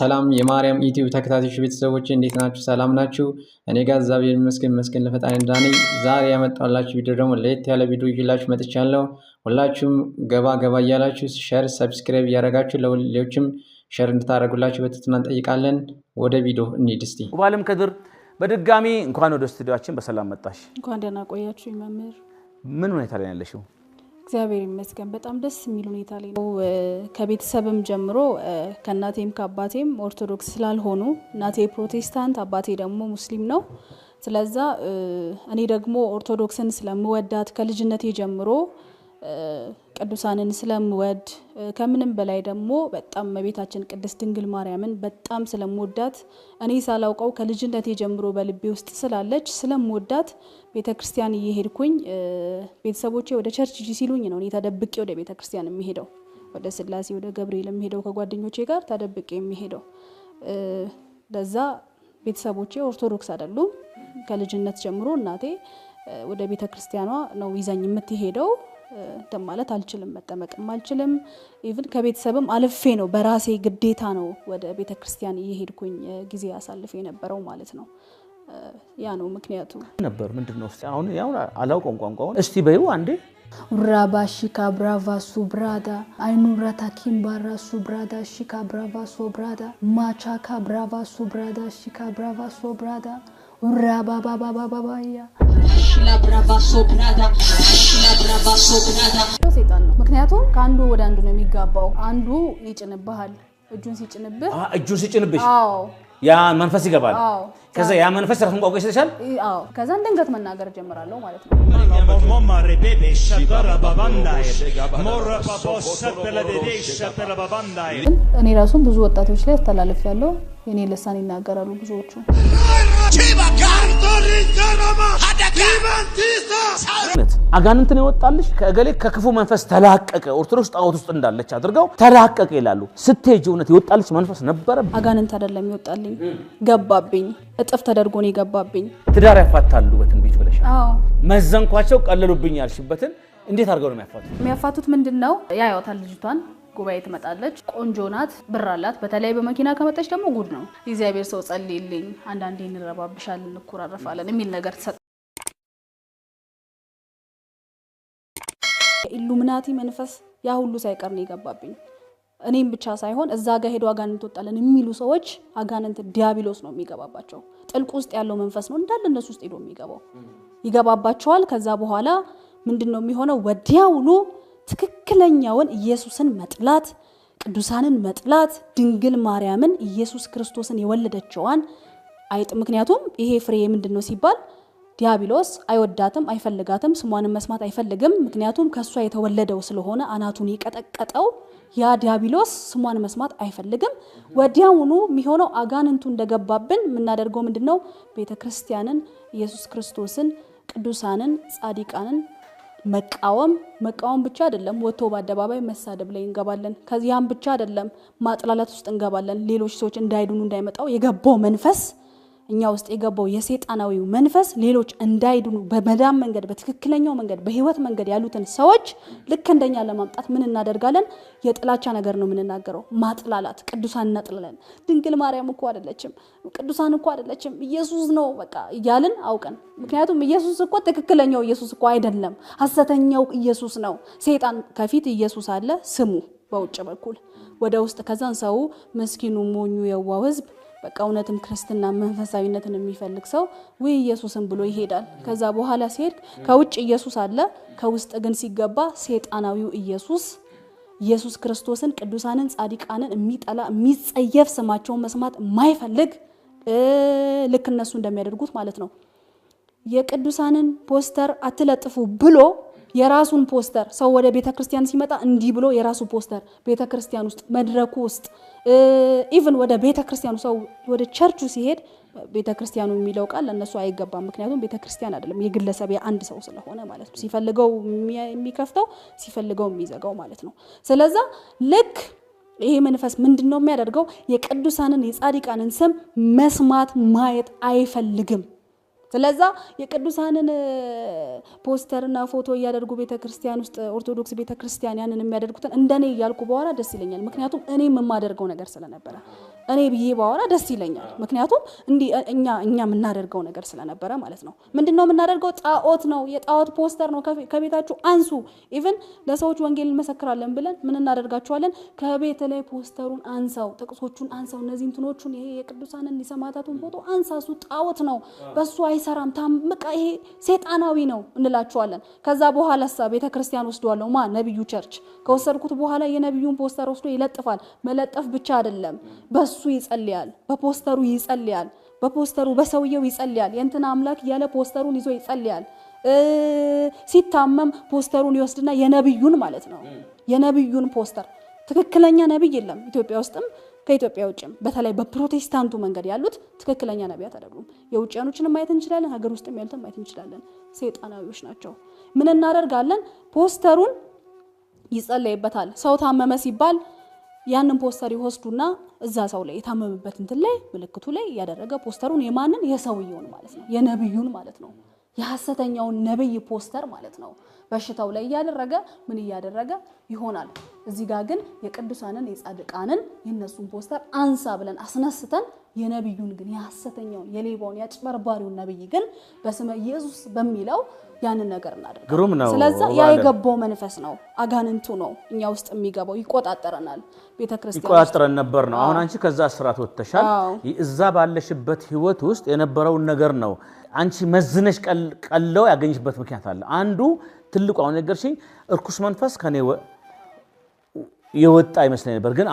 ሰላም የማርያም ዩቲዩብ ተከታታዮች ቤተሰቦች እንዴት ናችሁ? ሰላም ናችሁ? እኔ ጋር እግዚአብሔር ይመስገን መስገን ለፈጣሪ እንዳኔ ዛሬ ያመጣላችሁ ቪዲዮ ደግሞ ለየት ያለ ቪዲዮ ይዤላችሁ መጥቻለሁ። ሁላችሁም ገባ ገባ እያላችሁ ሸር፣ ሰብስክራይብ እያደረጋችሁ ለሌሎችም ሸር እንድታደርጉላችሁ በትህትና እንጠይቃለን። ወደ ቪዲዮ እንሂድ እስቲ። ባለም ከድር በድጋሚ እንኳን ወደ ስቱዲዮአችን በሰላም መጣሽ። እንኳን ደህና ቆያችሁ መምህር። ምን ሁኔታ ላይ ያለሽው? እግዚአብሔር ይመስገን በጣም ደስ የሚል ሁኔታ ላይ ነው። ከቤተሰብም ጀምሮ ከእናቴም ከአባቴም ኦርቶዶክስ ስላልሆኑ እናቴ ፕሮቴስታንት፣ አባቴ ደግሞ ሙስሊም ነው። ስለዛ እኔ ደግሞ ኦርቶዶክስን ስለምወዳት ከልጅነቴ ጀምሮ ቅዱሳንን ስለምወድ ከምንም በላይ ደግሞ በጣም እመቤታችን ቅድስት ድንግል ማርያምን በጣም ስለምወዳት እኔ ሳላውቀው ከልጅነቴ ጀምሮ በልቤ ውስጥ ስላለች ስለምወዳት ቤተ ክርስቲያን እየሄድኩኝ ቤተሰቦቼ ወደ ቸርች ሂጂ ሲሉኝ ነው እኔ ተደብቄ ወደ ቤተ ክርስቲያን የሚሄደው። ወደ ስላሴ ወደ ገብርኤል የሚሄደው ከጓደኞቼ ጋር ተደብቄ የሚሄደው ለዛ ቤተሰቦቼ ኦርቶዶክስ አይደሉም። ከልጅነት ጀምሮ እናቴ ወደ ቤተ ክርስቲያኗ ነው ይዘኝ የምትሄደው። እንትን ማለት አልችልም፣ መጠመቅም አልችልም። ኢቭን ከቤተሰብም አልፌ ነው በራሴ ግዴታ ነው ወደ ቤተ ክርስቲያን እየሄድኩኝ ጊዜ አሳልፍ የነበረው ማለት ነው። ያ ነው ምክንያቱ ነበር። ምንድን ነው አሁን ያሁን አላውቀውም ቋንቋውን። እስቲ በይው አንዴ ራባ ሺካ ብራቫ ሱ ሱብራዳ አይኑራታ ኪምባራ ብራዳ ሺካ ብራቫ ሶ ብራዳ ማቻካ ብራቫ ሱ ብራዳ ሺካ ብራቫ ሶ ብራዳ ኡራባባባባባያ ሰይጣን ነው። ምክንያቱም ከአንዱ ወደ አንዱ ነው የሚጋባው። አንዱ ይጭንብሃል። እጁን ሲጭንብህ እጁን ሲጭንብሽ ያ መንፈስ ይገባል። ከዛ ያ መንፈስ ራሱን ቋቋ ይሰጥሻል። ከዛ ድንገት መናገር ጀምራለሁ ማለት ነው። እኔ ራሱን ብዙ ወጣቶች ላይ አስተላለፍ ያለው የኔ ልሳን ይናገራሉ ብዙዎቹ አጋንንትን ይወጣልሽ ከእገሌ ከክፉ መንፈስ ተላቀቀ፣ ኦርቶዶክስ ጣዖት ውስጥ እንዳለች አድርገው ተላቀቀ ይላሉ። ስትሄጂ እውነት ይወጣልሽ መንፈስ ነበረ? አጋንንት አይደለም ይወጣልኝ ገባብኝ፣ እጥፍ ተደርጎ ነው የገባብኝ። ትዳር ያፋታሉ በትንቢት ብለሽ መዘንኳቸው፣ ቀለሉብኝ ያልሽበትን እንዴት አድርገው ነው የሚያፋቱት? የሚያፋቱት ምንድን ነው? ያያወታል ልጅቷን ጉባኤ ትመጣለች። ቆንጆ ናት፣ ብር አላት። በተለይ በመኪና ከመጣች ደግሞ ጉድ ነው። እግዚአብሔር ሰው ጸልይልኝ፣ አንዳንዴ እንረባብሻለን፣ እንኮራረፋለን የሚል ነገር የኢሉሚናቲ መንፈስ ያ ሁሉ ሳይቀር ነው የገባብኝ። እኔም ብቻ ሳይሆን እዛ ጋር ሄዶ አጋንንት ወጣለን የሚሉ ሰዎች አጋንንት ዲያብሎስ ነው የሚገባባቸው። ጥልቅ ውስጥ ያለው መንፈስ ነው እንዳለ እነሱ ውስጥ ሄዶ የሚገባው ይገባባቸዋል። ከዛ በኋላ ምንድን ነው የሚሆነው? ወዲያውኑ ትክክለኛውን ኢየሱስን መጥላት፣ ቅዱሳንን መጥላት፣ ድንግል ማርያምን ኢየሱስ ክርስቶስን የወለደችዋን አይጥ ምክንያቱም ይሄ ፍሬ ምንድን ነው ሲባል ዲያብሎስ አይወዳትም፣ አይፈልጋትም፣ ስሟንም መስማት አይፈልግም። ምክንያቱም ከእሷ የተወለደው ስለሆነ አናቱን የቀጠቀጠው ያ ዲያብሎስ ስሟን መስማት አይፈልግም። ወዲያውኑ የሚሆነው አጋንንቱ እንደገባብን የምናደርገው ምንድን ነው? ቤተ ክርስቲያንን፣ ኢየሱስ ክርስቶስን፣ ቅዱሳንን፣ ጻዲቃንን መቃወም መቃወም ብቻ አይደለም፣ ወጥቶ በአደባባይ መሳደብ ላይ እንገባለን። ከዚያም ብቻ አይደለም፣ ማጥላላት ውስጥ እንገባለን። ሌሎች ሰዎች እንዳይድኑ እንዳይመጣው የገባው መንፈስ እኛ ውስጥ የገባው የሰይጣናዊው መንፈስ ሌሎች እንዳይድኑ በመዳን መንገድ፣ በትክክለኛው መንገድ፣ በህይወት መንገድ ያሉትን ሰዎች ልክ እንደኛ ለማምጣት ምን እናደርጋለን? የጥላቻ ነገር ነው የምንናገረው፣ ማጥላላት። ቅዱሳን እናጥላለን። ድንግል ማርያም እኮ አይደለችም፣ ቅዱሳን እኮ አይደለችም፣ ኢየሱስ ነው በቃ እያልን አውቀን። ምክንያቱም ኢየሱስ እኮ ትክክለኛው ኢየሱስ እኮ አይደለም፣ ሐሰተኛው ኢየሱስ ነው። ሰይጣን ከፊት ኢየሱስ አለ ስሙ በውጭ በኩል ወደ ውስጥ ከዛን ሰው መስኪኑ ሞኙ የዋው ህዝብ በቃ እውነትም ክርስትና መንፈሳዊነትን የሚፈልግ ሰው ውይ ኢየሱስን ብሎ ይሄዳል። ከዛ በኋላ ሲሄድ ከውጭ ኢየሱስ አለ፣ ከውስጥ ግን ሲገባ ሴጣናዊው ኢየሱስ ኢየሱስ ክርስቶስን፣ ቅዱሳንን፣ ጻድቃንን የሚጠላ የሚጸየፍ፣ ስማቸውን መስማት የማይፈልግ ልክ እነሱ እንደሚያደርጉት ማለት ነው። የቅዱሳንን ፖስተር አትለጥፉ ብሎ የራሱን ፖስተር ሰው ወደ ቤተ ክርስቲያን ሲመጣ እንዲህ ብሎ የራሱ ፖስተር ቤተ ክርስቲያን ውስጥ መድረኩ ውስጥ ኢቭን ወደ ቤተ ክርስቲያኑ ሰው ወደ ቸርቹ ሲሄድ ቤተ ክርስቲያኑ የሚለው ቃል ለእነሱ አይገባም። ምክንያቱም ቤተ ክርስቲያን አይደለም የግለሰብ የአንድ ሰው ስለሆነ ማለት ነው። ሲፈልገው የሚከፍተው ሲፈልገው የሚዘጋው ማለት ነው። ስለዛ ልክ ይሄ መንፈስ ምንድን ነው የሚያደርገው? የቅዱሳንን የጻድቃንን ስም መስማት ማየት አይፈልግም። ስለዛ የቅዱሳንን ፖስተርና ፎቶ እያደርጉ ቤተክርስቲያን ውስጥ ኦርቶዶክስ ቤተክርስቲያን ያንን የሚያደርጉትን እንደኔ እያልኩ በኋላ ደስ ይለኛል። ምክንያቱም እኔም የማደርገው ነገር ስለነበረ እኔ ብዬ ባወራ ደስ ይለኛል። ምክንያቱም እንዲህ እኛ እኛ የምናደርገው ነገር ስለነበረ ማለት ነው። ምንድን ነው የምናደርገው? ጣዖት ነው፣ የጣዖት ፖስተር ነው። ከቤታችሁ አንሱ። ኢቨን ለሰዎች ወንጌል እንመሰክራለን ብለን ምን እናደርጋቸዋለን? ከቤት ላይ ፖስተሩን አንሳው፣ ጥቅሶቹን አንሳው፣ እነዚህ እንትኖቹን፣ ይሄ የቅዱሳንን የሰማዕታቱን ፎቶ አንሳሱ፣ ጣዖት ነው፣ በሱ አይሰራም፣ ታምቃ፣ ይሄ ሴጣናዊ ነው እንላቸዋለን። ከዛ በኋላ ሳ ቤተ ወስደዋለሁ፣ ማ ነቢዩ ቸርች ከወሰድኩት በኋላ የነቢዩን ፖስተር ወስዶ ይለጥፋል። መለጠፍ ብቻ አይደለም በሱ በሱ ይጸልያል፣ በፖስተሩ ይጸልያል፣ በፖስተሩ በሰውየው ይጸልያል። የእንትና አምላክ እያለ ፖስተሩን ይዞ ይጸልያል። ሲታመም ፖስተሩን ይወስድና የነብዩን ማለት ነው የነብዩን ፖስተር ትክክለኛ ነብይ የለም ኢትዮጵያ ውስጥም ከኢትዮጵያ ውጭም በተለይ በፕሮቴስታንቱ መንገድ ያሉት ትክክለኛ ነቢያት አይደሉም። የውጭያኖችንም ማየት እንችላለን፣ ሀገር ውስጥም ያሉትን ማየት እንችላለን። ሰይጣናዊዎች ናቸው። ምን እናደርጋለን? ፖስተሩን ይጸለይበታል። ሰው ታመመ ሲባል ያንን ፖስተር ይወስዱና እዛ ሰው ላይ የታመመበት እንትን ላይ ምልክቱ ላይ ያደረገ ፖስተሩን የማንን የሰውየውን ማለት ነው የነብዩን ማለት ነው የሐሰተኛውን ነብይ ፖስተር ማለት ነው በሽታው ላይ እያደረገ ምን እያደረገ ይሆናል። እዚህ ጋር ግን የቅዱሳንን የጻድቃንን የእነሱን ፖስተር አንሳ ብለን አስነስተን የነቢዩን ግን የሐሰተኛውን የሌባውን የአጭበርባሪውን ነቢይ ግን በስመ ኢየሱስ በሚለው ያንን ነገር እናደርጋለን። ስለዚህ ያ የገባው መንፈስ ነው፣ አጋንንቱ ነው እኛ ውስጥ የሚገባው ይቆጣጠረናል። ቤተክርስቲያን ይቆጣጠረን ነበር ነው። አሁን አንቺ ከዛ ስርዓት ወጥተሻል። እዛ ባለሽበት ህይወት ውስጥ የነበረውን ነገር ነው አንቺ መዝነሽ ቀለው ያገኝሽበት ምክንያት አለ። አንዱ ትልቁ አሁን ነገርሽኝ፣ እርኩስ መንፈስ ከኔ የወጣ ይመስለኝ ነበር ግን